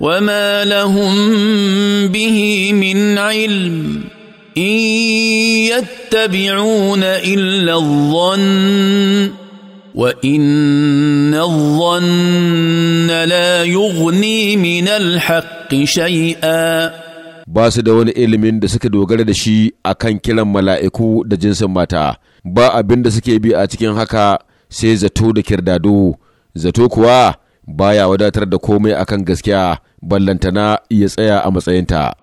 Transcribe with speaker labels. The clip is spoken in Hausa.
Speaker 1: وما لهم به من علم ان يتبعون الا الظن وان الظن لا يغني من الحق شيئا
Speaker 2: ba su da wani ilimin da suka dogara da shi a kan kiran mala'iku da jinsin mata, ba abin da suke bi a cikin haka sai zato da kirdado, zato kuwa baya wadatar da komai akan gaskiya ballantana ya tsaya a matsayinta